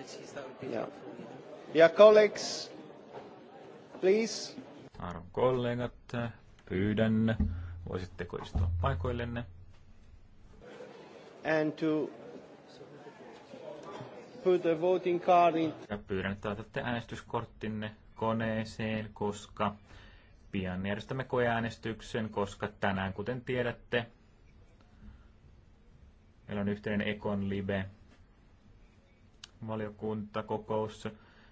activities, that would be yeah. helpful. You know? colleagues, please. Arvon kollegat, pyydän, voisitteko istua paikoillenne? And to put the voting card in. Ja pyydän, että otatte äänestyskorttinne koneeseen, koska pian järjestämme koeäänestyksen, koska tänään, kuten tiedätte, meillä on yhteinen Ekon Libe valiokuntakokous,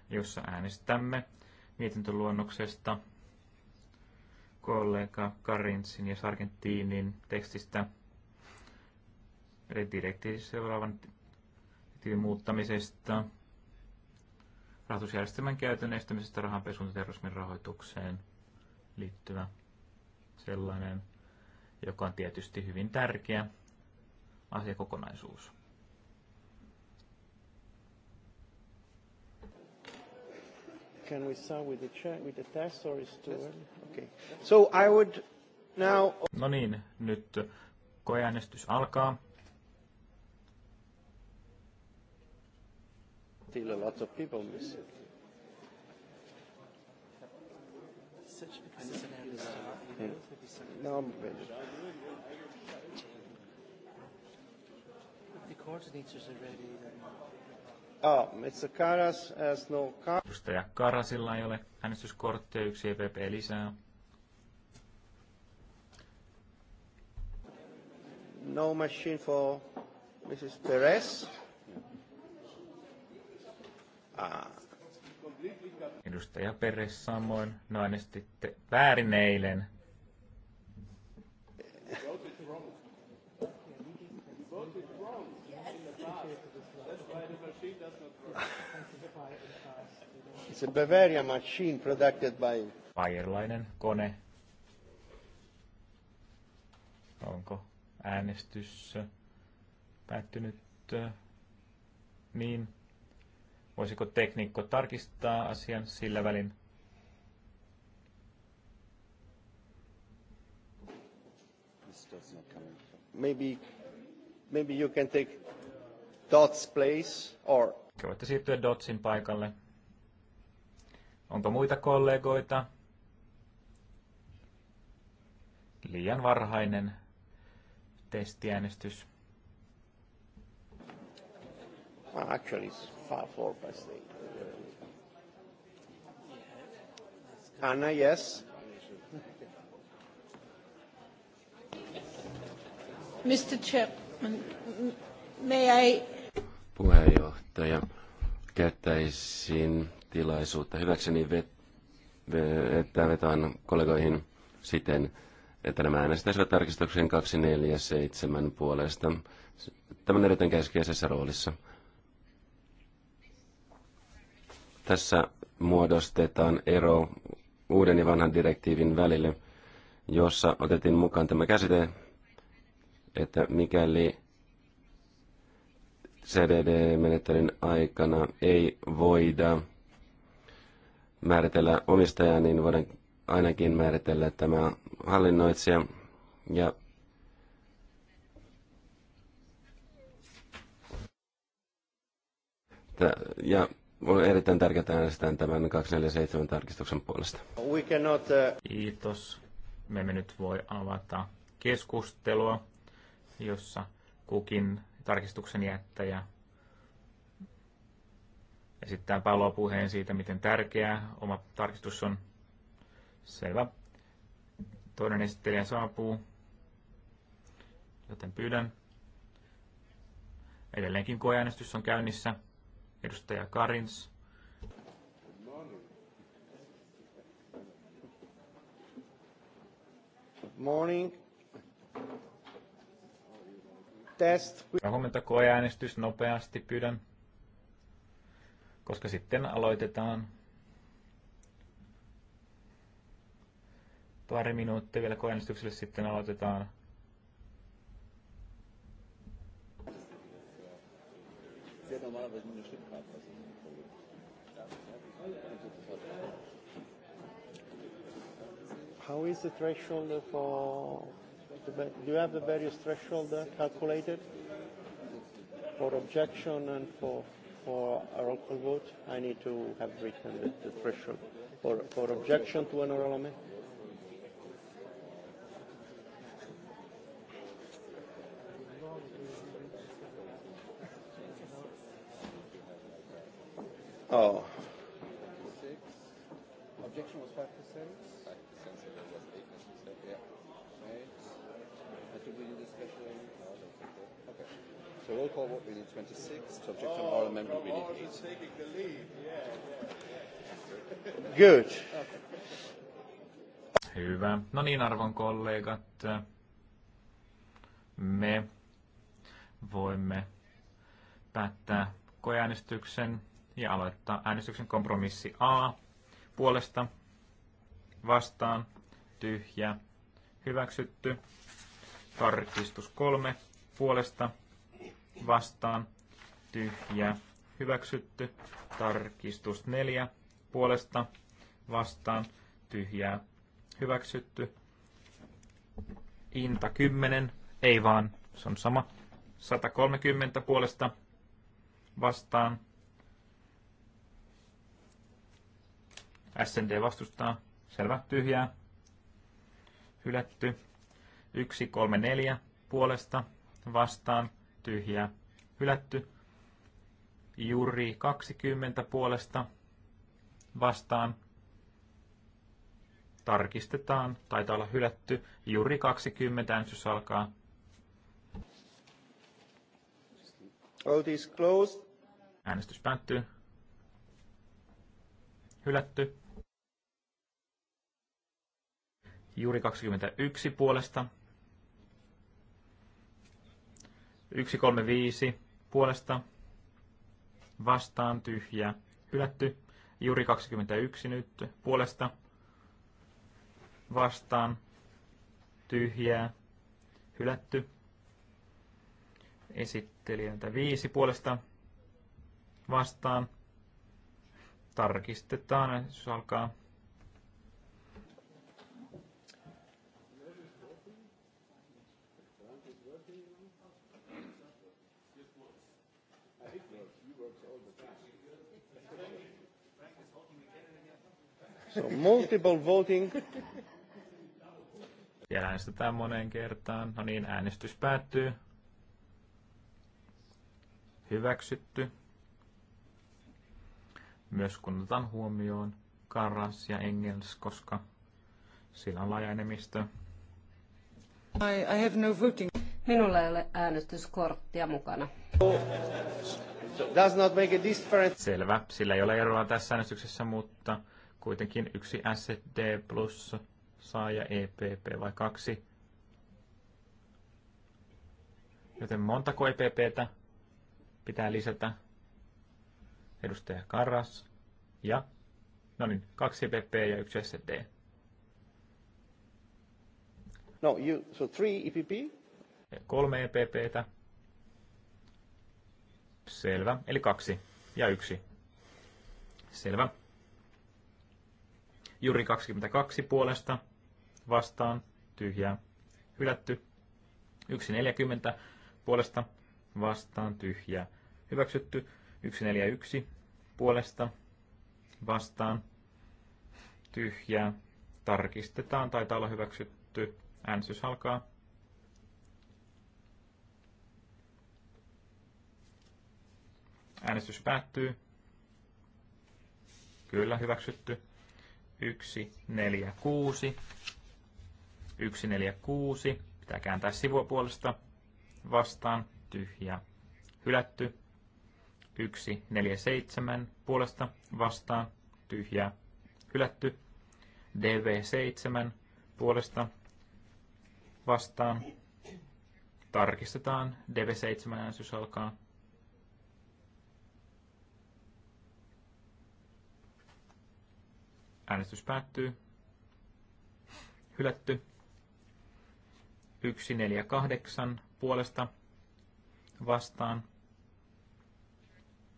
jossa äänestämme mietintöluonnoksesta kollega Karinsin ja Sargentinin tekstistä, eli direktiivin seuraavan direktiivin muuttamisesta, rahoitusjärjestelmän käytön estämisestä rahanpesun ja terrorismin rahoitukseen liittyvä sellainen, joka on tietysti hyvin tärkeä asiakokonaisuus. Can we start with the, chat, with the test or is too early? Okay. So I would now... No niin, nyt koeäänestys alkaa. Still a lot of people missing. No, The coordinators are ready. Then. Oh, ah, Mr. Karas has no card. Edustaja Karasilla ei ole äänestyskorttia, yksi EPP lisää. No machine for Mrs. Perez. Ah. Edustaja Perez samoin. No äänestitte väärin eilen. It's a Bavarian machine produced by... Bayerlainen kone. Onko äänestys päättynyt? Niin. Voisiko tekniikko tarkistaa asian sillä välin? Maybe, maybe you can take Dots, please, or... Voitte siirtyä Dotsin paikalle. Onko muita kollegoita? Liian varhainen testiäänestys. Actually, it's far four past eight. Anna, yes? Mr. Chairman, may I puheenjohtaja. Käyttäisin tilaisuutta hyväkseni, että vetoan kollegoihin siten, että nämä äänestäisivät tarkistuksen 247 puolesta. Tämä on erittäin keskeisessä roolissa. Tässä muodostetaan ero uuden ja vanhan direktiivin välille, jossa otettiin mukaan tämä käsite, että mikäli CDD-menettelyn aikana ei voida määritellä omistajaa, niin voidaan ainakin määritellä tämä hallinnoitsija. Ja ja on erittäin tärkeää äänestää tämän 247 tarkistuksen puolesta. We cannot, uh... Kiitos. Me emme nyt voi avata keskustelua, jossa kukin tarkistuksen jättäjä esittää puheen siitä, miten tärkeää oma tarkistus on. Selvä. Toinen esittelijä saapuu, joten pyydän. Edelleenkin koeäänestys on käynnissä. Edustaja Karins. Morning test. Huomenta koeäänestys nopeasti pyydän, koska sitten aloitetaan. Pari minuuttia vielä koeäänestykselle, sitten aloitetaan. How is the threshold for do you have the various threshold uh, calculated for objection and for for a roll call vote? I need to have written the, the threshold for for objection to an oral amendment. Oh. Objection was five percent. So roll call vote, we need 26. Subject oh, to oral amendment, we need 8. taking the lead, yeah. Good. Hyvä. No niin, arvon kollegat, me voimme päättää koeäänestyksen ja aloittaa äänestyksen kompromissi A puolesta vastaan tyhjä hyväksytty. Tarkistus 3 puolesta vastaan, tyhjä hyväksytty. Tarkistus 4 puolesta vastaan, tyhjää, hyväksytty. Inta 10, ei vaan, se on sama. 130 puolesta vastaan. SND vastustaa. Selvä, tyhjää. Hylätty. 1, 3, 4 puolesta vastaan tyhjä. hylätty. Juri 20 puolesta vastaan tarkistetaan. Taitaa olla hylätty. Juri 20 äänsys alkaa. Vote is closed. Äänestys päättyy. Hylätty. Juuri 21 puolesta 135 puolesta vastaan tyhjä hylätty. Juuri 21 nyt puolesta vastaan tyhjää hylätty. Esittelijältä 5 puolesta vastaan. Tarkistetaan, jos alkaa So multiple voting. Ja äänestetään moneen kertaan. No niin, äänestys päättyy. Hyväksytty. Myös kun otetaan huomioon Karas ja Engels, koska sillä on laaja enemmistö. I, I have no voting. Minulla ei ole äänestyskorttia mukana. Does not make a difference. Selvä, sillä ei ole eroa tässä äänestyksessä, mutta kuitenkin yksi SD plus saaja EPP vai kaksi. Joten montako EPPtä pitää lisätä? Edustaja Karras. ja no niin, kaksi EPP ja yksi SD. No, you, so three EPP? Kolme EPPtä. Selvä, eli kaksi ja yksi. Selvä. Juri 22 puolesta vastaan tyhjää hylätty. 1.40 puolesta vastaan tyhjää hyväksytty. 1.41 puolesta vastaan tyhjää tarkistetaan. Taitaa olla hyväksytty. Äänestys alkaa. Äänestys päättyy. Kyllä, hyväksytty. 146. 146. Pitää kääntää sivua puolesta vastaan. Tyhjä. Hylätty. 147 puolesta vastaan. Tyhjä. Hylätty. DV7 puolesta vastaan. Tarkistetaan. DV7 äänestys alkaa. Äänestys päättyy. Hylätty. 1, 4, 8 puolesta vastaan.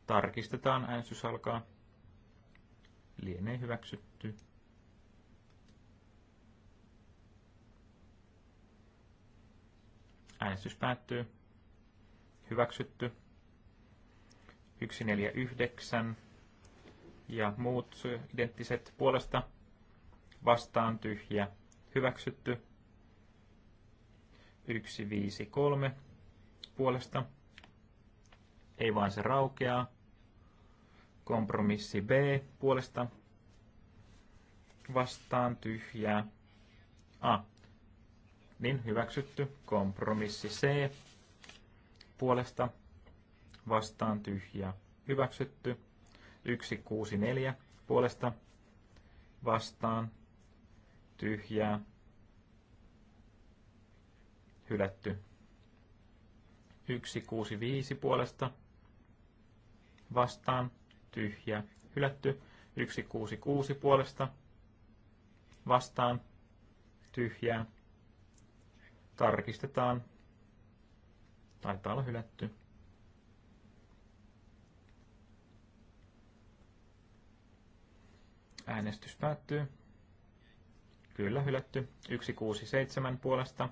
Tarkistetaan. Äänestys alkaa. Lienee hyväksytty. Äänestys päättyy. Hyväksytty. 149 ja muut identtiset puolesta vastaan tyhjä hyväksytty. 3 puolesta. Ei vaan se raukeaa. Kompromissi B puolesta vastaan tyhjää. A. Niin hyväksytty. Kompromissi C puolesta vastaan tyhjää. Hyväksytty. 164 puolesta vastaan tyhjää hylätty. 165 puolesta vastaan tyhjä hylätty. 166 puolesta vastaan tyhjää tarkistetaan. Taitaa olla hylätty. Äänestys päättyy. Kyllä, hylätty. 167 puolesta.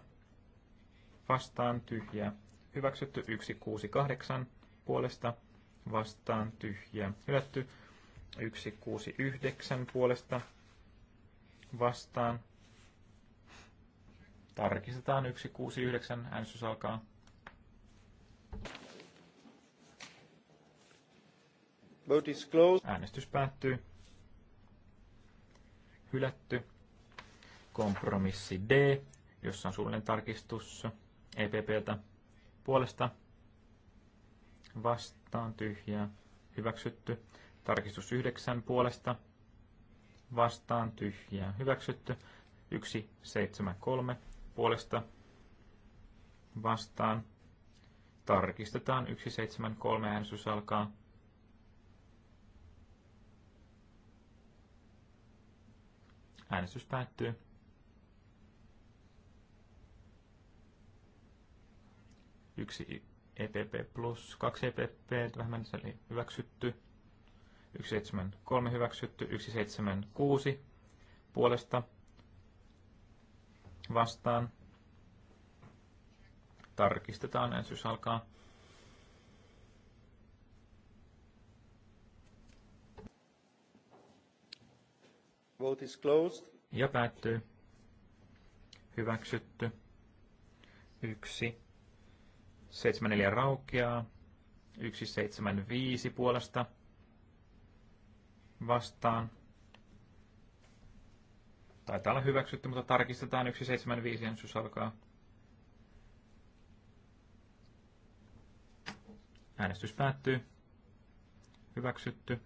Vastaan tyhjä. Hyväksytty 168 puolesta. Vastaan tyhjä. Hylätty 169 puolesta. Vastaan. Tarkistetaan 169. Äänestys alkaa. Vote is closed. Äänestys päättyy hylätty. Kompromissi D, jossa on suullinen tarkistus EPPltä puolesta vastaan tyhjää hyväksytty. Tarkistus 9 puolesta vastaan tyhjää hyväksytty. 1, 7, 3 puolesta vastaan. Tarkistetaan 1, 7, 3 äänestys alkaa. Äänestys päättyy. Yksi EPP plus, kaksi EPP vähemmän, eli hyväksytty. 173 hyväksytty, 176 puolesta vastaan. Tarkistetaan, äänestys alkaa. Vote is closed. Ja päättyy. Hyväksytty. Yksi. Seitsemän neljä raukeaa. Yksi seitsemän viisi puolesta. Vastaan. Taitaa olla hyväksytty, mutta tarkistetaan 175 ensys alkaa. Äänestys päättyy. Hyväksytty.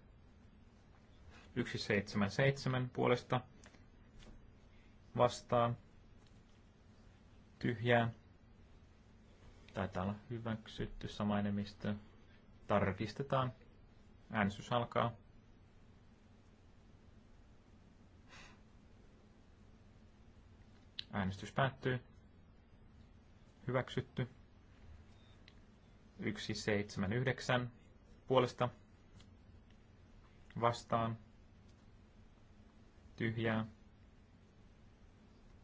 177 puolesta vastaan tyhjää. Taitaa olla hyväksytty sama enemmistö. Tarkistetaan. Äänestys alkaa. Äänestys päättyy. Hyväksytty. 179 puolesta vastaan tyhjää.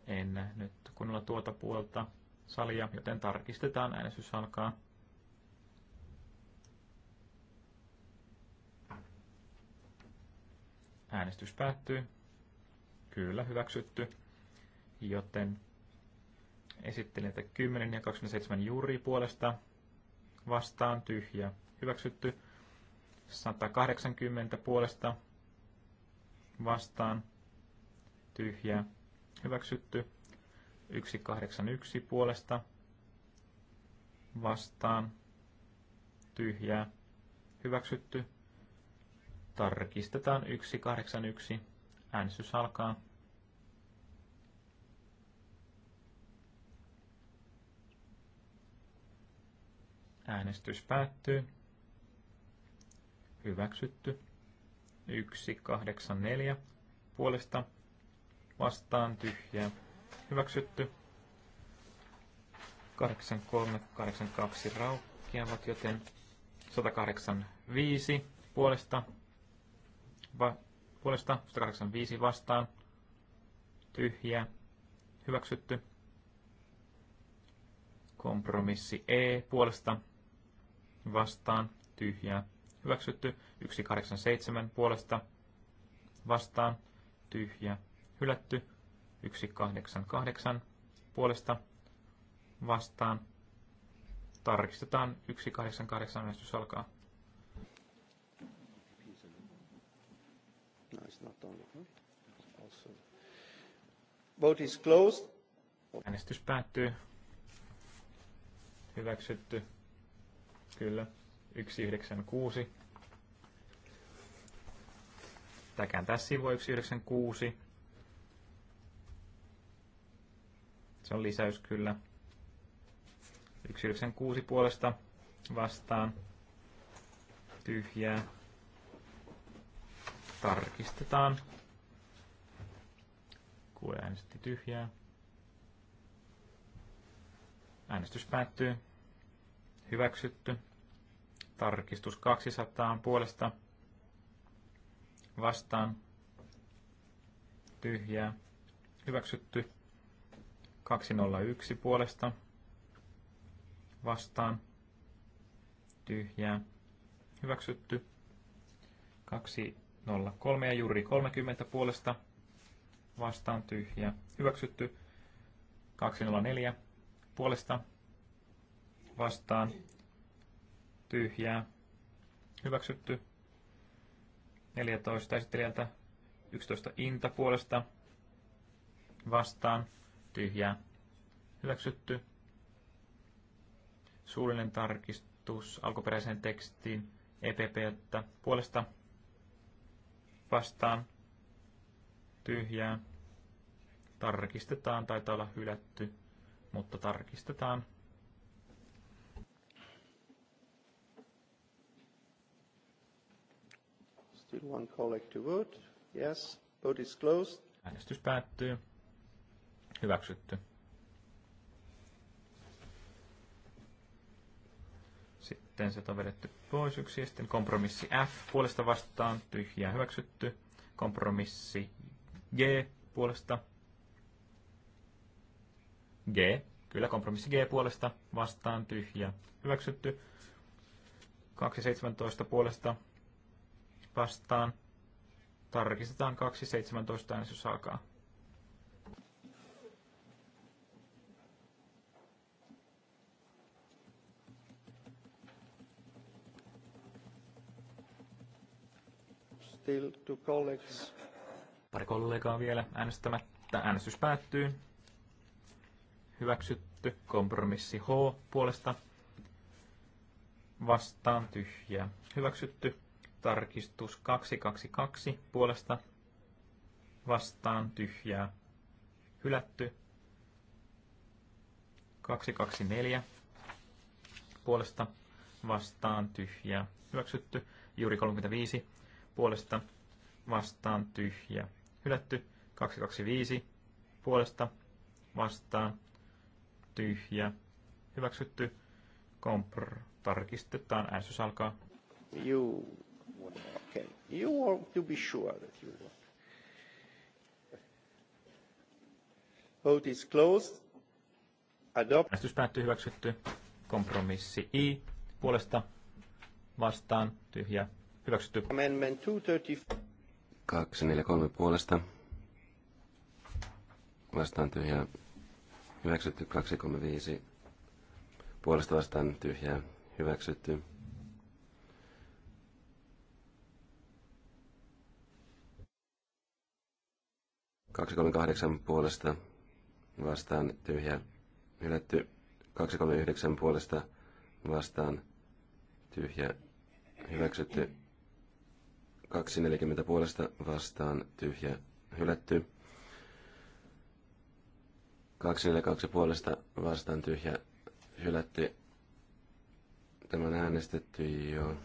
En nähnyt kunnolla tuota puolta salia, joten tarkistetaan. Äänestys alkaa. Äänestys päättyy. Kyllä, hyväksytty. Joten esittelen, että 10 ja 27 juuri puolesta vastaan tyhjä. Hyväksytty. 180 puolesta vastaan tyhjä. hyväksytty. 181 puolesta vastaan, tyhjää, hyväksytty. Tarkistetaan 181, äänestys alkaa. Äänestys päättyy. Hyväksytty. 184 puolesta vastaan tyhjää hyväksytty. 83, 82 raukkiavat, joten 185 puolesta, va, puolesta 185 vastaan tyhjää hyväksytty. Kompromissi E puolesta vastaan tyhjää hyväksytty. 187 puolesta vastaan tyhjää hylätty. 188 puolesta vastaan. Tarkistetaan 188 äänestys alkaa. No, Vote is closed. Äänestys päättyy. Hyväksytty. Kyllä. 196. Tämä kääntää sivua 196. Se on lisäys kyllä. 196 puolesta vastaan. Tyhjää. Tarkistetaan. Kuule äänesti tyhjää. Äänestys päättyy. Hyväksytty. Tarkistus 200 puolesta. Vastaan. Tyhjää. Hyväksytty. 201 puolesta vastaan tyhjää hyväksytty. 203 ja juuri 30 puolesta vastaan tyhjää hyväksytty. 204 puolesta vastaan tyhjää hyväksytty. 14 esittelijältä 11 inta puolesta vastaan tyhjää, hyväksytty. Suullinen tarkistus alkuperäiseen tekstiin EPPltä puolesta vastaan tyhjää. Tarkistetaan, taitaa olla hylätty, mutta tarkistetaan. Still one colleague to vote. Yes, vote is closed. Äänestys päättyy. Hyväksytty. Sitten se on vedetty pois yksi. Ja sitten kompromissi F puolesta vastaan. Tyhjää hyväksytty. Kompromissi G puolesta. G. Kyllä kompromissi G puolesta vastaan tyhjä. Hyväksytty. 217 puolesta vastaan. Tarkistetaan 217 äänestys alkaa. Still to colleagues. Pari kollegaa vielä äänestämättä. Äänestys päättyy. Hyväksytty. Kompromissi H puolesta. Vastaan tyhjää. Hyväksytty. Tarkistus 222 puolesta. Vastaan tyhjää. Hylätty. 224 puolesta vastaan tyhjää. Hyväksytty. Juuri 35 puolesta vastaan tyhjä. Hylätty 225 puolesta vastaan tyhjä. Hyväksytty kompr. Tarkistetaan. Äänestys alkaa. You, okay. you want to be sure that you want. Vote is closed. Adopt. Äänestys päättyy hyväksytty. Kompromissi I puolesta vastaan tyhjä Hyväksytty. Amendment 243 puolesta. Vastaan tyhjää. Hyväksytty 235. Puolesta vastaan tyhjää. Hyväksytty. Kaksi kolme kahdeksan puolesta vastaan tyhjä hylätty. 239 puolesta vastaan tyhjä hyväksytty. 240 puolesta vastaan tyhjä hylätty. 242 puolesta vastaan tyhjä hylätty. Tämä on äänestetty jo.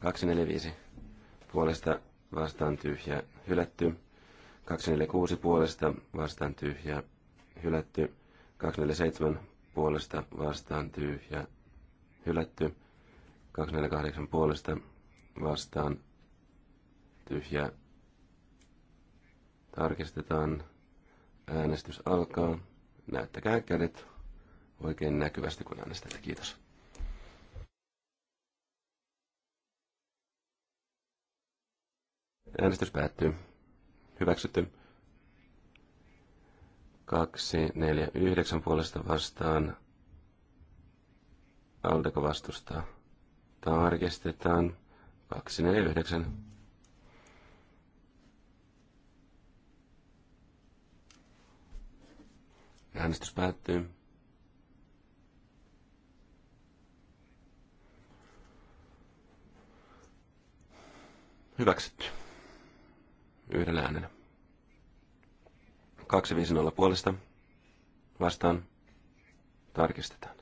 245 puolesta vastaan tyhjä hylätty. 246 puolesta vastaan tyhjä hylätty. 247 puolesta vastaan tyhjä hylätty. 248 puolesta vastaan tyhjä. Tarkistetaan. Äänestys alkaa. Näyttäkää kädet oikein näkyvästi, kun äänestätte. Kiitos. Äänestys päättyy. Hyväksytty. 2, 4, 9 puolesta vastaan. Aldeko vastustaa. Tarkistetaan. 249. Äänestys päättyy. Hyväksytty. Yhdellä äänellä. 250 puolesta. Vastaan. Tarkistetaan.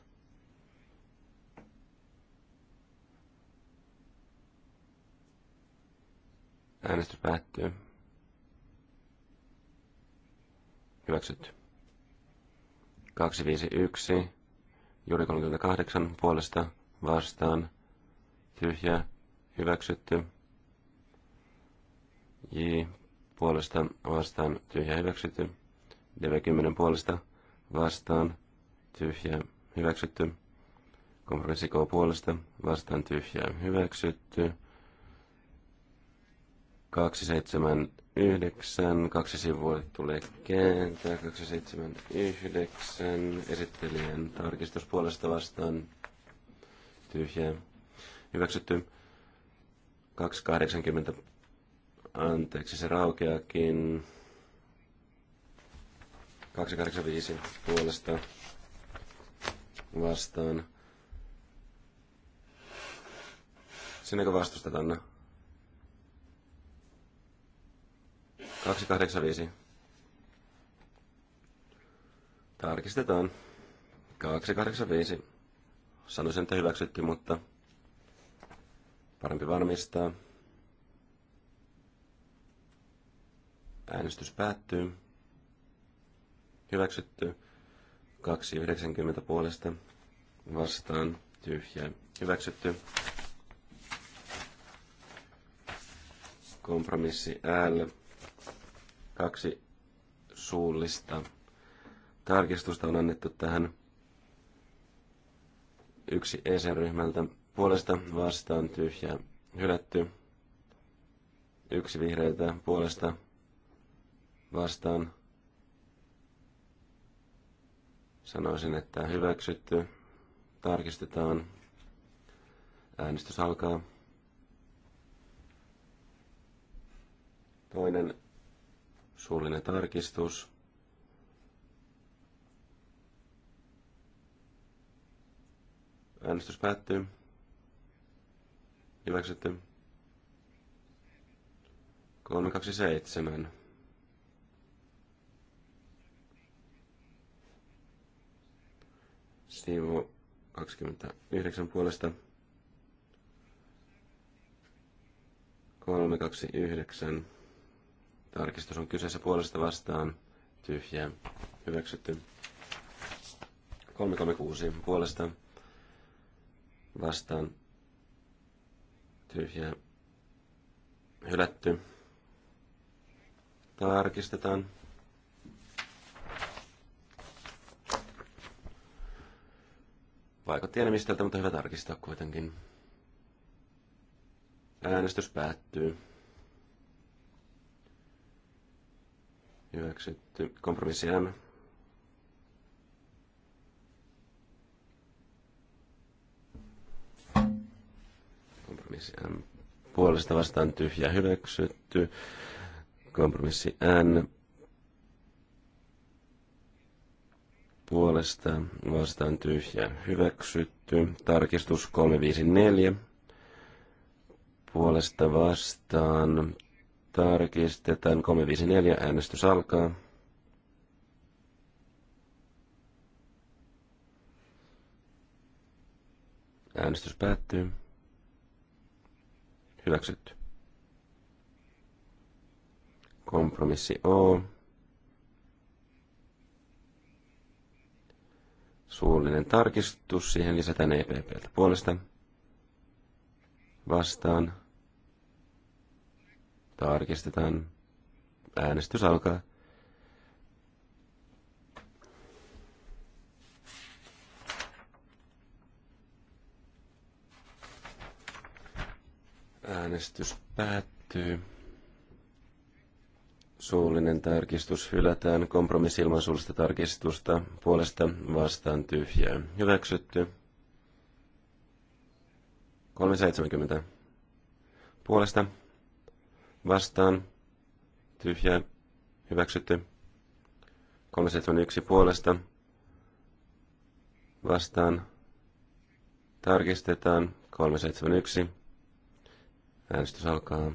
Äänestys päättyy. Hyväksytty. 251. Juuri 38 puolesta vastaan. Tyhjä. Hyväksytty. J. Puolesta vastaan. Tyhjä. Hyväksytty. DV10 puolesta vastaan. Tyhjä. Hyväksytty. Kompromissi K puolesta vastaan. Tyhjä. Hyväksytty. 279, kaksi sivua tulee kääntää, 279, esittelijän tarkistus puolesta vastaan, tyhjää, hyväksytty, 280, anteeksi se raukeakin, 285 puolesta vastaan. Sinäkö Anna? 285. Tarkistetaan. 285. Sanoisin, että hyväksytti, mutta parempi varmistaa. Äänestys päättyy. Hyväksytty. 290 puolesta vastaan tyhjä. Hyväksytty. Kompromissi L Kaksi suullista tarkistusta on annettu tähän yksi ESR-ryhmältä puolesta vastaan tyhjä hylätty. Yksi vihreiltä puolesta vastaan sanoisin, että hyväksytty. Tarkistetaan. Äänestys alkaa. Toinen Suullinen tarkistus. Äänestys päättyy. Hyväksytty. 327. Sivu 29 puolesta. 329. Tarkistus on kyseessä puolesta vastaan. tyhjä Hyväksytty. 336 puolesta vastaan. Tyhjä. Hylätty. Tarkistetaan. Vaikutti enemmistöltä, mutta hyvä tarkistaa kuitenkin. Äänestys päättyy. Hyväksytty. Kompromissi M. Kompromissi M. Puolesta vastaan tyhjä hyväksytty. Kompromissi N. Puolesta vastaan tyhjä hyväksytty. Tarkistus 354. Puolesta vastaan Tarkistetaan 354, äänestys alkaa. Äänestys päättyy. Hyväksytty. Kompromissi O. Suullinen tarkistus, siihen lisätään EPPltä puolesta. Vastaan Tarkistetaan. Äänestys alkaa. Äänestys päättyy. Suullinen tarkistus hylätään kompromissi ilman suullista tarkistusta puolesta vastaan tyhjää. Hyväksytty. 370. Puolesta vastaan, tyhjää, hyväksytty. 371 puolesta, vastaan, tarkistetaan, 371. Äänestys alkaa.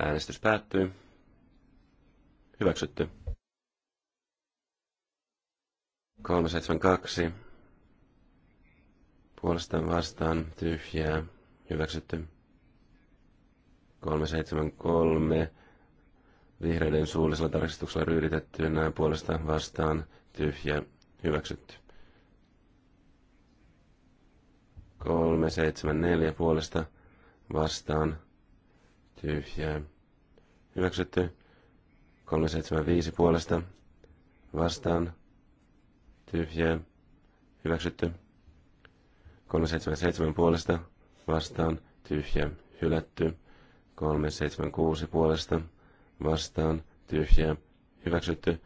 Äänestys päättyy. Hyväksytty. 372 puolesta vastaan tyhjää hyväksytty. 373 vihreiden suullisella tarkistuksella näin puolesta vastaan tyhjä hyväksytty. 374 puolesta vastaan tyhjää hyväksytty. 375 puolesta vastaan tyhjää hyväksytty. 377 puolesta vastaan tyhjä hylätty. 376 puolesta vastaan tyhjä hyväksytty.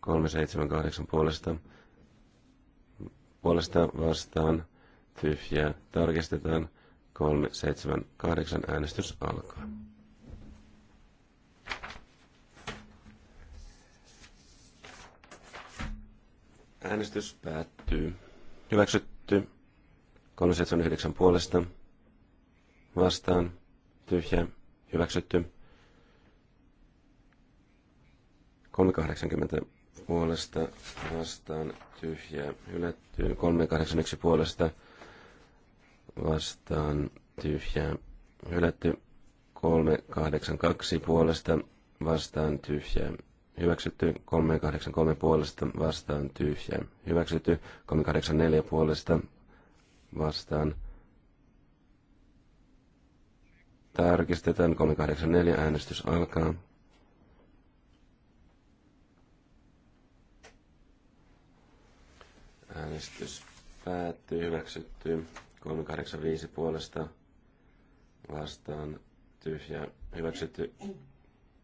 378 puolesta puolesta vastaan tyhjä tarkistetaan. 378 äänestys alkaa. Äänestys päättyy. Hyväksytty. 379 puolesta. Vastaan. Tyhjä. Hyväksytty. 380 puolesta. Vastaan. Tyhjä. Hylätty. 381 puolesta. Vastaan. Tyhjä. Hylätty. 382 puolesta. Vastaan. Tyhjä. Hyväksytty 383 puolesta vastaan tyhjä. Hyväksytty 384 puolesta vastaan. Tarkistetaan 384 äänestys alkaa. Äänestys päättyy, hyväksytty. 385 puolesta vastaan tyhjä, hyväksytty.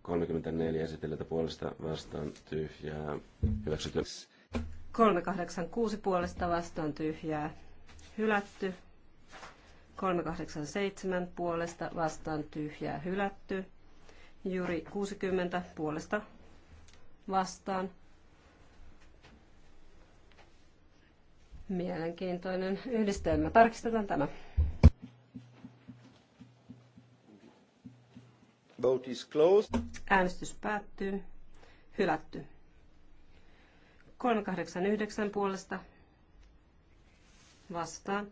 34 esitellyltä puolesta vastaan tyhjää, hyväksytty. 386 puolesta vastaan tyhjää, hylätty. 387 puolesta vastaan tyhjää hylätty. Juri 60 puolesta vastaan. Mielenkiintoinen yhdistelmä. Tarkistetaan tämä. Vote is closed. Äänestys päättyy. Hylätty. 389 puolesta vastaan,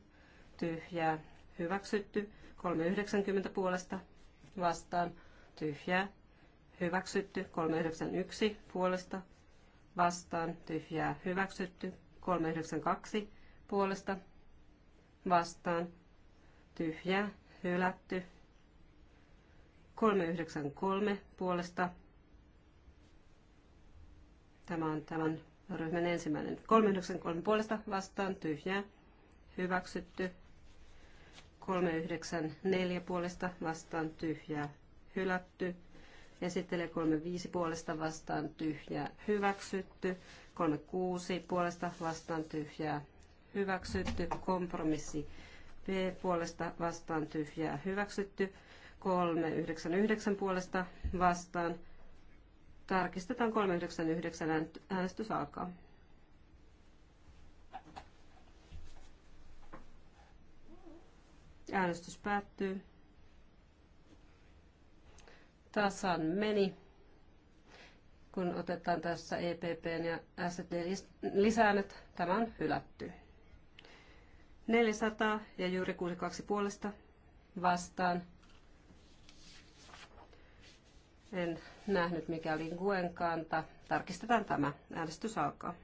tyhjää, hyväksytty. 390 puolesta vastaan, tyhjää, hyväksytty. 391 puolesta vastaan, tyhjää, hyväksytty. 392 puolesta vastaan, tyhjää, hylätty. 393 puolesta. Tämä on tämän ryhmän ensimmäinen. 393 puolesta vastaan, tyhjää, hyväksytty. 394 puolesta vastaan tyhjää hylätty. sitten 35 puolesta vastaan tyhjää hyväksytty. 36 puolesta vastaan tyhjää hyväksytty. Kompromissi B puolesta vastaan tyhjää hyväksytty. 399 puolesta vastaan. Tarkistetaan 399 äänestys alkaa. Äänestys päättyy. Tasan meni, kun otetaan tässä EPPn ja SD lisäänet. Tämä on hylätty. 400 ja juuri 62 puolesta vastaan. En nähnyt mikä oli kanta. Tarkistetaan tämä. Äänestys alkaa.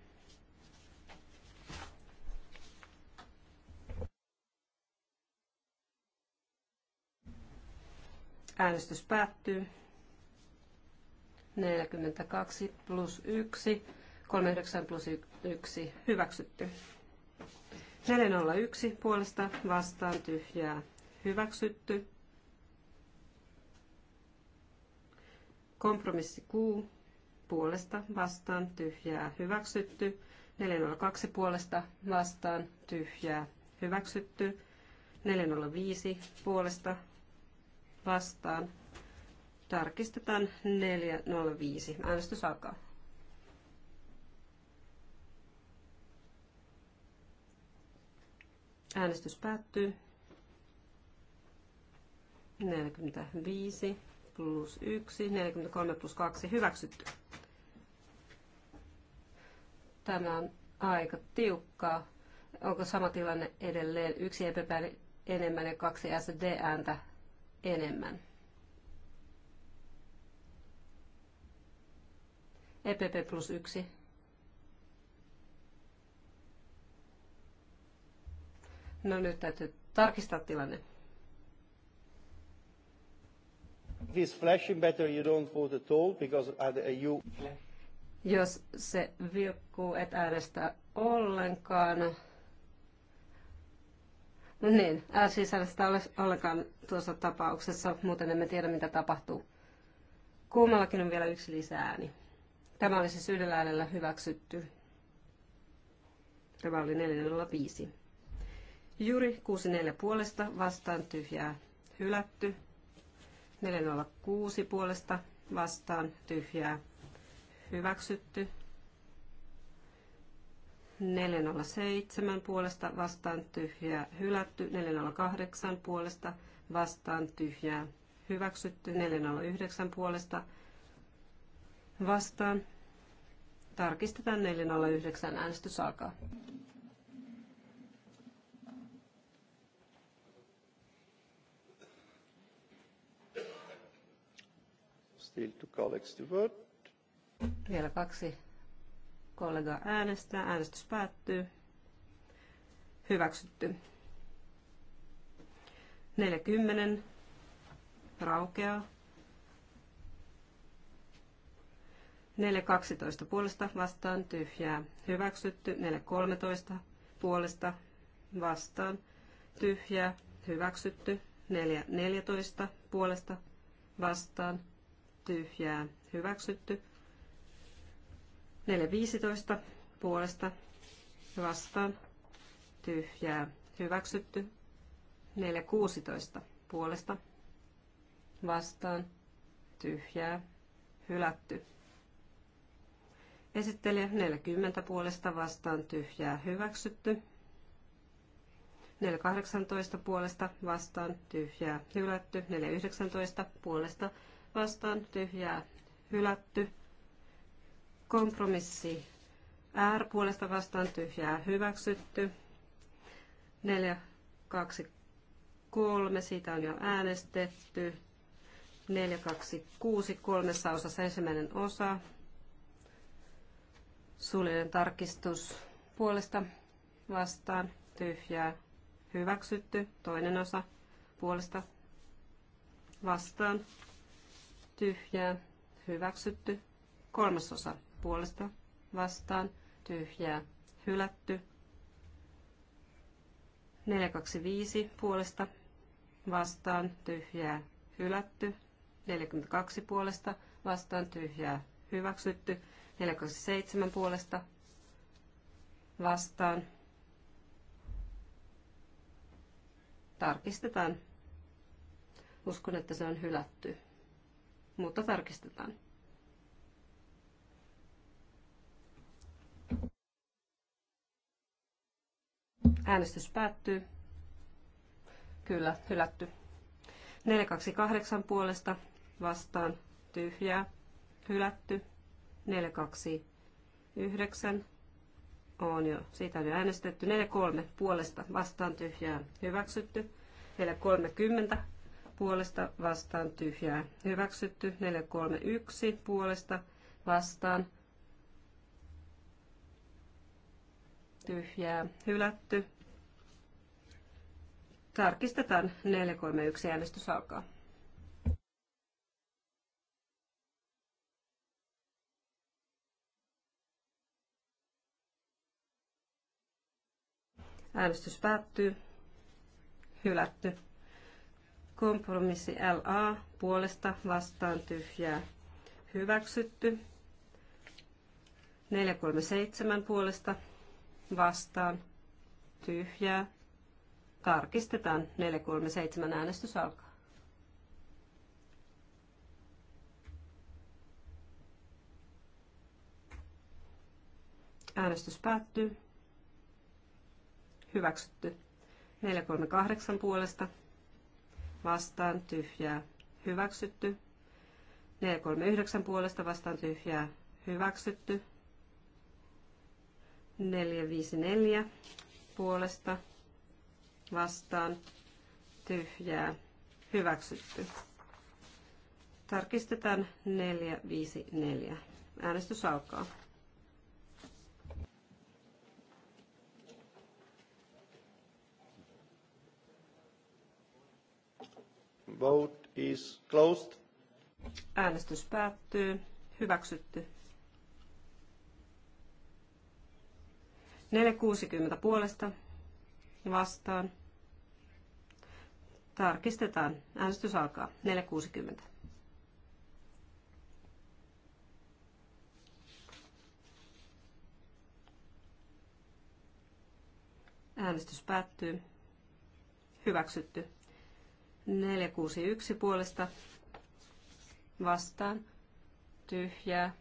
Äänestys päättyy. 42 plus 1, 39 plus 1, hyväksytty. 401 puolesta vastaan tyhjää, hyväksytty. Kompromissi Q puolesta vastaan tyhjää, hyväksytty. 402 puolesta vastaan tyhjää, hyväksytty. 405 puolesta vastaan. Tarkistetaan 405. Äänestys alkaa. Äänestys päättyy. 45 plus 1, 43 plus 2 hyväksytty. Tämä on aika tiukkaa. Onko sama tilanne edelleen? Yksi EPP enemmän ja kaksi SD-ääntä enemmän. EPP plus yksi. No nyt täytyy tarkistaa tilanne. This flashing better you don't vote at all because at a you... Jos se vilkkuu, et äänestä ollenkaan, niin, ääsisällistä ole ollenkaan tuossa tapauksessa, muuten emme tiedä mitä tapahtuu. Kummallakin on vielä yksi lisääni. Tämä oli siis yhdellä äänellä hyväksytty. Tämä oli 405. Juri 64 puolesta vastaan tyhjää hylätty. 406 puolesta vastaan tyhjää hyväksytty. 407 puolesta vastaan tyhjää hylätty, 408 puolesta vastaan tyhjää hyväksytty, 409 puolesta vastaan. Tarkistetaan 409 äänestys alkaa. Still to colleagues to vote. Vielä kaksi kollega äänestää. Äänestys päättyy. Hyväksytty. 40 raukeaa. 4.12 puolesta vastaan tyhjää. Hyväksytty. 4.13 puolesta vastaan tyhjää. Hyväksytty. 4.14 puolesta vastaan tyhjää. Hyväksytty. 4.15 puolesta vastaan tyhjää hyväksytty. 4.16 puolesta vastaan tyhjää hylätty. Esittelijä 40 puolesta vastaan tyhjää hyväksytty. 4.18 puolesta vastaan tyhjää hylätty. 4.19 puolesta vastaan tyhjää hylätty. Kompromissi R puolesta vastaan tyhjää hyväksytty. 4, 2, 3, siitä on jo äänestetty. 4, 2, 6, kolmessa osassa ensimmäinen osa. Suullinen tarkistus puolesta vastaan tyhjää hyväksytty. Toinen osa puolesta vastaan tyhjää hyväksytty. Kolmas osa puolesta vastaan tyhjää hylätty. 425 puolesta vastaan tyhjää hylätty. 42 puolesta vastaan tyhjää hyväksytty. 427 puolesta vastaan. Tarkistetaan. Uskon, että se on hylätty, mutta tarkistetaan. Äänestys päättyy. Kyllä, hylätty. 428 puolesta vastaan tyhjää, hylätty. 429 on jo, siitä on jo äänestetty. 4.3 puolesta vastaan tyhjää hyväksytty. 4.30 puolesta vastaan tyhjää hyväksytty. 4.31 puolesta vastaan tyhjää hylätty. Tarkistetaan 431 äänestys alkaa. Äänestys päättyy. Hylätty. Kompromissi LA puolesta vastaan tyhjää. Hyväksytty. 437 puolesta vastaan tyhjää. Tarkistetaan 437 äänestys alkaa. Äänestys päättyy. Hyväksytty. 438 puolesta. Vastaan tyhjää. Hyväksytty. 439 puolesta vastaan tyhjää. Hyväksytty. 454 puolesta vastaan tyhjää hyväksytty. Tarkistetaan 454. Äänestys alkaa. Vote is closed. Äänestys päättyy. Hyväksytty. 460 puolesta vastaan Tarkistetaan. Äänestys alkaa. 460. Äänestys päättyy. Hyväksytty. 461 puolesta vastaan. Tyhjää.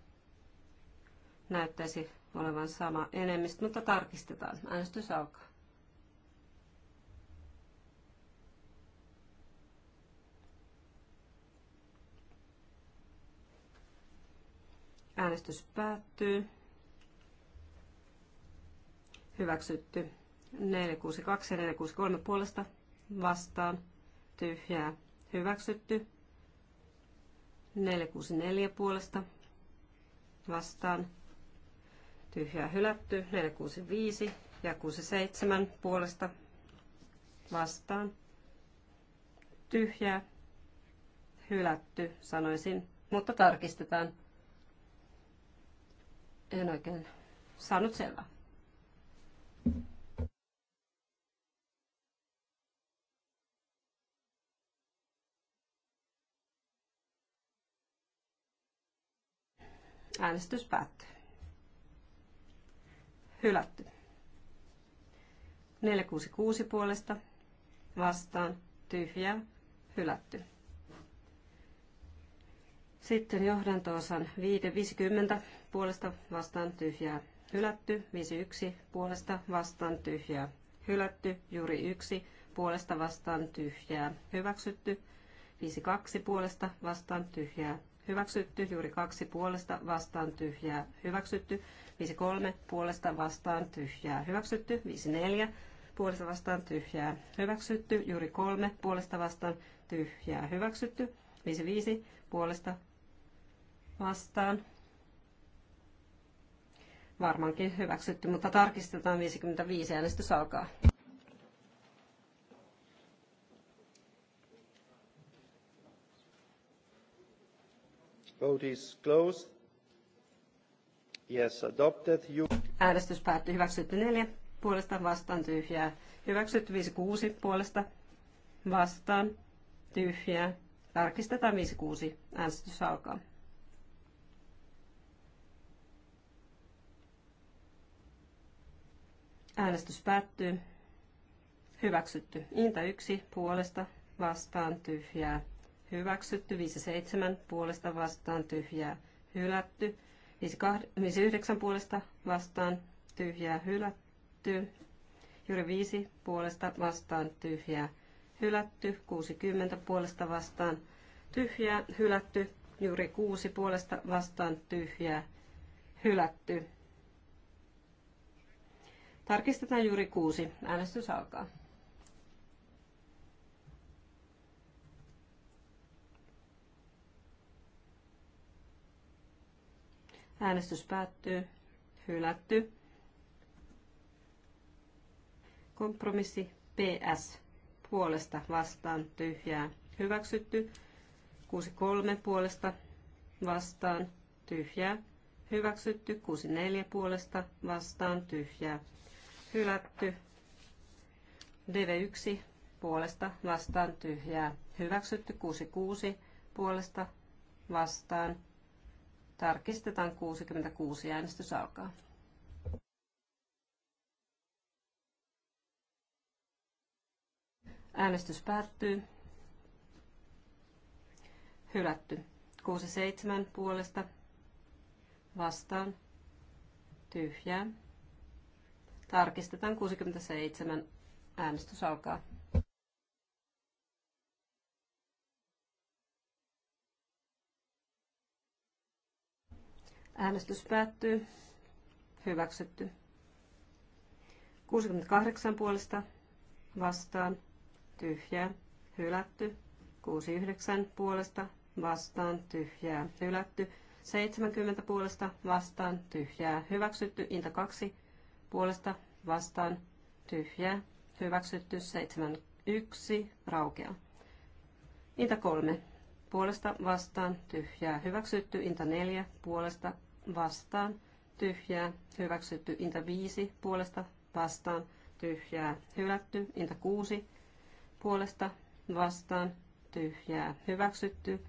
Näyttäisi olevan sama enemmistö, mutta tarkistetaan. Äänestys alkaa. Äänestys päättyy. Hyväksytty. 462 ja 463 puolesta vastaan. Tyhjää. Hyväksytty. 464 puolesta vastaan. Tyhjää hylätty. 465 ja 67 puolesta vastaan. Tyhjää hylätty, sanoisin, mutta tarkistetaan. En oikein saanut selvää. Äänestys päättyy. Hylätty. 466 puolesta vastaan tyhjää hylätty. Sitten johdanto-osan 550 puolesta vastaan tyhjää hylätty, 51 puolesta vastaan tyhjää hylätty, juuri 1 puolesta vastaan tyhjää hyväksytty, 52 puolesta vastaan tyhjää hyväksytty, juuri 2 puolesta vastaan tyhjää hyväksytty, 53 puolesta vastaan tyhjää hyväksytty, 54 puolesta vastaan tyhjää hyväksytty, juuri 3 puolesta vastaan tyhjää hyväksytty, 55 puolesta vastaan varmaankin hyväksytty, mutta tarkistetaan 55 äänestys alkaa. Vote is closed. Yes, adopted. You... Äänestys päättyi hyväksytty 4, puolesta vastaan tyhjää. Hyväksytty 56, puolesta vastaan tyhjää. Tarkistetaan 56, äänestys alkaa. Äänestys päättyy. Hyväksytty. Inta 1 puolesta vastaan tyhjää. Hyväksytty. 57 puolesta vastaan tyhjää. Hylätty. 59 puolesta vastaan tyhjää. Hylätty. Juuri 5 puolesta vastaan tyhjää. Hylätty. 60 puolesta vastaan tyhjää. Hylätty. Juuri 6 puolesta vastaan tyhjää. Hylätty. Tarkistetaan juuri kuusi. Äänestys alkaa. Äänestys päättyy. Hylätty. Kompromissi PS. Puolesta vastaan tyhjää. Hyväksytty. 63 puolesta vastaan tyhjää. Hyväksytty. 64 puolesta vastaan tyhjää hylätty. DV1 puolesta vastaan tyhjää. Hyväksytty 66 puolesta vastaan. Tarkistetaan 66. Äänestys alkaa. Äänestys päättyy. Hylätty. 67 puolesta vastaan. Tyhjää. Tarkistetaan 67. Äänestys alkaa. Äänestys päättyy. Hyväksytty. 68 puolesta vastaan. Tyhjää. Hylätty. 69 puolesta vastaan. Tyhjää. Hylätty. 70 puolesta vastaan. Tyhjää. Hyväksytty. Inta 2 puolesta vastaan tyhjä Hyväksytty 71, raukea. Inta 3 puolesta vastaan tyhjää. Hyväksytty Inta 4 puolesta vastaan tyhjää. Hyväksytty Inta 5 puolesta vastaan tyhjää. Hylätty Inta 6 puolesta vastaan tyhjää. Hyväksytty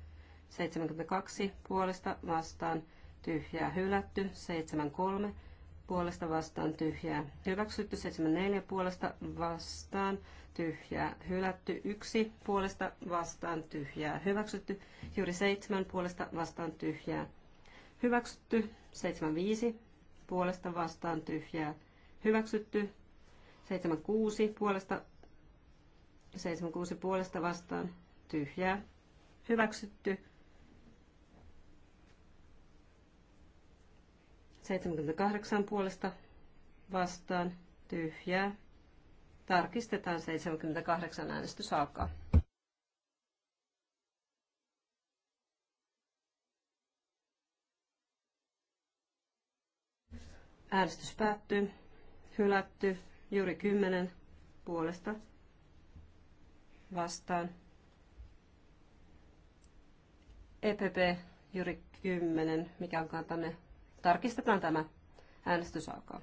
72 puolesta vastaan tyhjää. Hylätty 73 puolesta vastaan tyhjää. Hyväksytty 74 puolesta vastaan tyhjää. Hylätty 1 puolesta vastaan tyhjää. Hyväksytty juuri 7 puolesta vastaan tyhjää. Hyväksytty 75 puolesta vastaan tyhjää. Hyväksytty 76 puolesta 76 puolesta vastaan tyhjää. Hyväksytty 78 puolesta vastaan tyhjää. Tarkistetaan 78 äänestys alkaa. Äänestys päättyy. Hylätty. Juuri 10 puolesta vastaan. EPP juuri 10, mikä on kantanne Tarkistetaan tämä. Äänestys alkaa.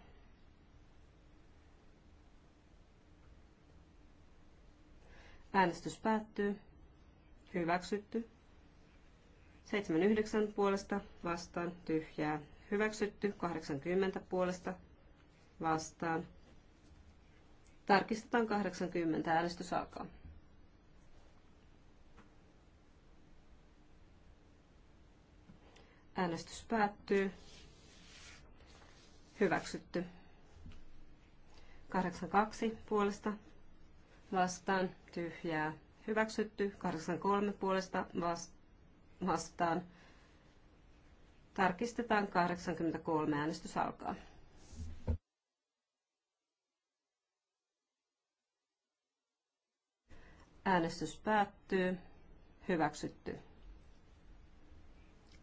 Äänestys päättyy. Hyväksytty. 79 puolesta vastaan tyhjää. Hyväksytty. 80 puolesta vastaan. Tarkistetaan 80. Äänestys alkaa. Äänestys päättyy. Hyväksytty. 82 puolesta vastaan tyhjää. Hyväksytty. 83 puolesta vastaan. Tarkistetaan 83. Äänestys alkaa. Äänestys päättyy. Hyväksytty.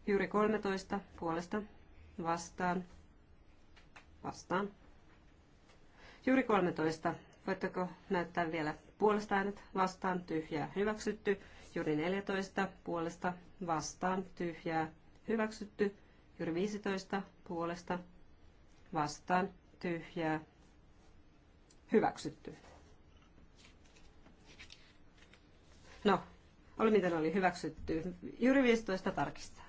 Juuri 13 puolesta vastaan vastaan. Juuri 13. Voitteko näyttää vielä puolesta äänet vastaan tyhjää hyväksytty. Juuri 14 puolesta vastaan tyhjää hyväksytty. Juuri 15 puolesta vastaan tyhjää hyväksytty. No, oli miten oli hyväksytty. Juuri 15 tarkistaa.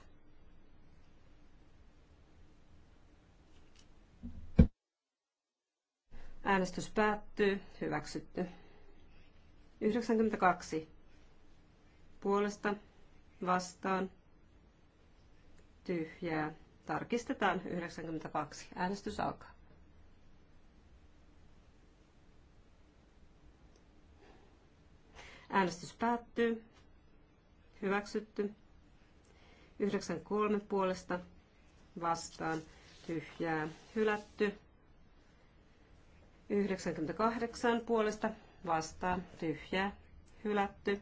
Äänestys päättyy. Hyväksytty. 92. Puolesta. Vastaan. Tyhjää. Tarkistetaan 92. Äänestys alkaa. Äänestys päättyy. Hyväksytty. 93 puolesta vastaan tyhjää hylätty. 98 puolesta vastaan tyhjää, hylätty.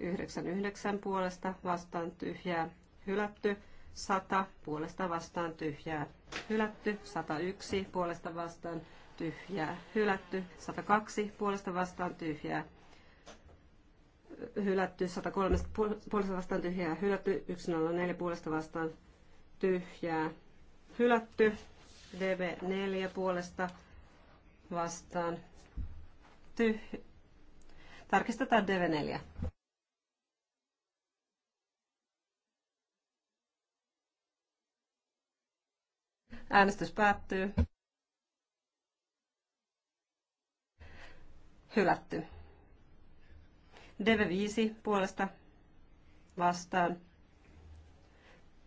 99 puolesta vastaan tyhjää, hylätty. 100 puolesta vastaan tyhjää, hylätty. 101 puolesta vastaan tyhjää, hylätty. 102 puolesta vastaan tyhjää, hylätty. 103 puolesta vastaan tyhjää, hylätty. 104 puolesta vastaan tyhjää, hylätty. DV4 puolesta vastaan Tyh. Tarkistetaan DV4. Äänestys päättyy. Hylätty. DV5 puolesta vastaan.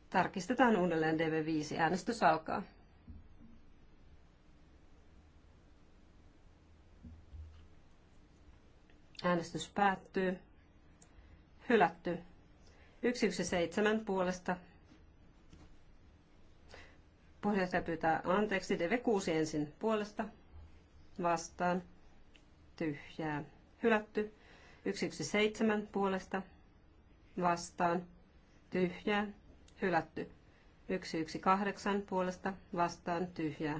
Tarkistetaan uudelleen DV5. Äänestys alkaa. Äänestys päättyy. Hylätty. 117 puolesta. Puheenjohtaja pyytää anteeksi. DV6 ensin puolesta. Vastaan. Tyhjää. Hylätty. 117 puolesta. Vastaan. Tyhjää. Hylätty. 118 puolesta. Vastaan. Tyhjää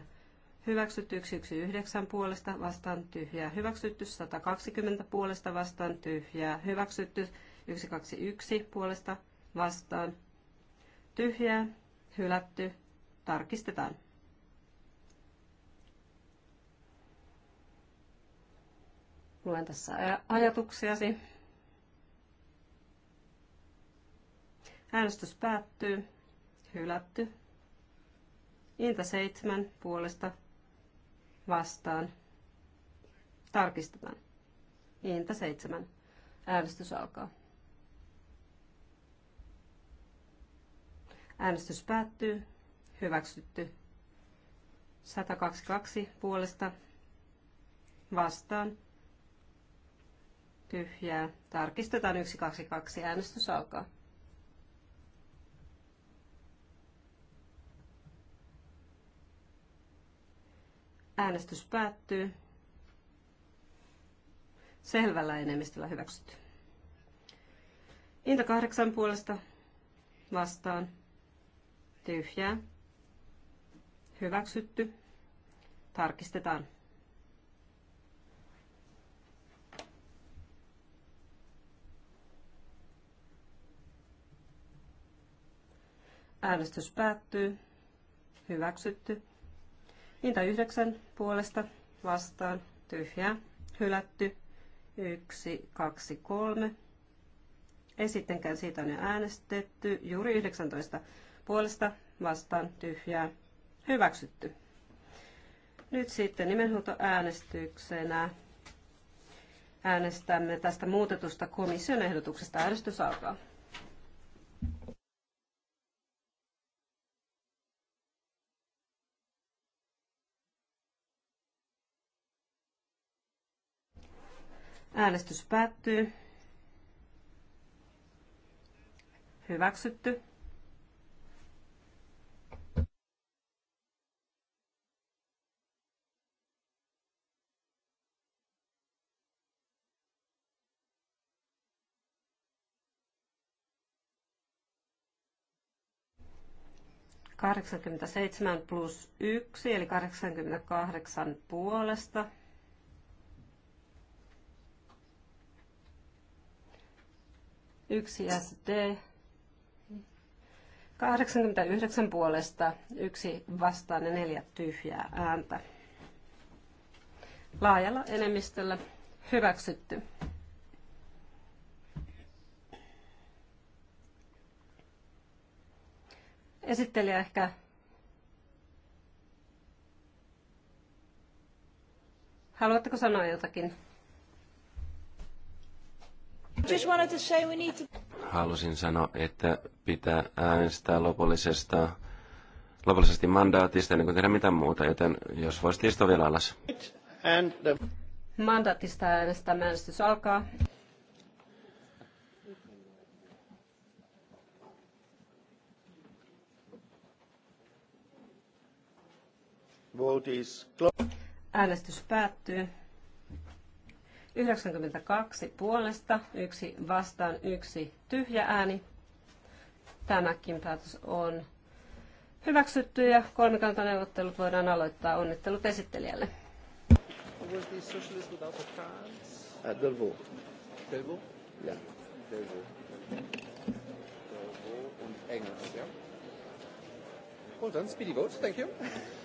Hyväksytty 119 puolesta vastaan tyhjää. Hyväksytty 120 puolesta vastaan tyhjää. Hyväksytty 121 puolesta vastaan tyhjää. Hylätty. Tarkistetaan. Luen tässä ajatuksiasi. Äänestys päättyy. Hylätty. Inta 7 puolesta vastaan. Tarkistetaan. Entä seitsemän. Äänestys alkaa. Äänestys päättyy. Hyväksytty. 122 puolesta vastaan. Tyhjää. Tarkistetaan 122. Äänestys alkaa. Äänestys päättyy. Selvällä enemmistöllä hyväksytty. Inta kahdeksan puolesta vastaan. Tyhjää. Hyväksytty. Tarkistetaan. Äänestys päättyy. Hyväksytty. Inta 9 puolesta vastaan tyhjää, hylätty. 1, 2, 3. Ei sittenkään siitä on jo äänestetty. Juuri 19 puolesta vastaan tyhjää, hyväksytty. Nyt sitten nimenhuutoäänestyksenä äänestämme tästä muutetusta komission ehdotuksesta. Äänestys alkaa. Äänestys päättyy. Hyväksytty. Kahdeksankymmentäseitsemän plus yksi eli kahdeksankymmentäkahdeksan puolesta 1 SD, 89 puolesta, yksi vastaan ja neljä tyhjää ääntä. Laajalla enemmistöllä hyväksytty. Esittelijä ehkä Haluatteko sanoa jotakin? Halusin sanoa, että pitää äänestää lopullisesta lopullisesti mandaatista ennen kuin tehdään mitään muuta, joten jos voisit istua vielä alas. Mandaatista äänestää äänestys alkaa. Äänestys päättyy. 92 puolesta, yksi vastaan, yksi tyhjä ääni. Tämäkin päätös on hyväksytty ja kolmikantaneuvottelut voidaan aloittaa. Onnittelut esittelijälle. Äh, well done, speedy vote, thank you.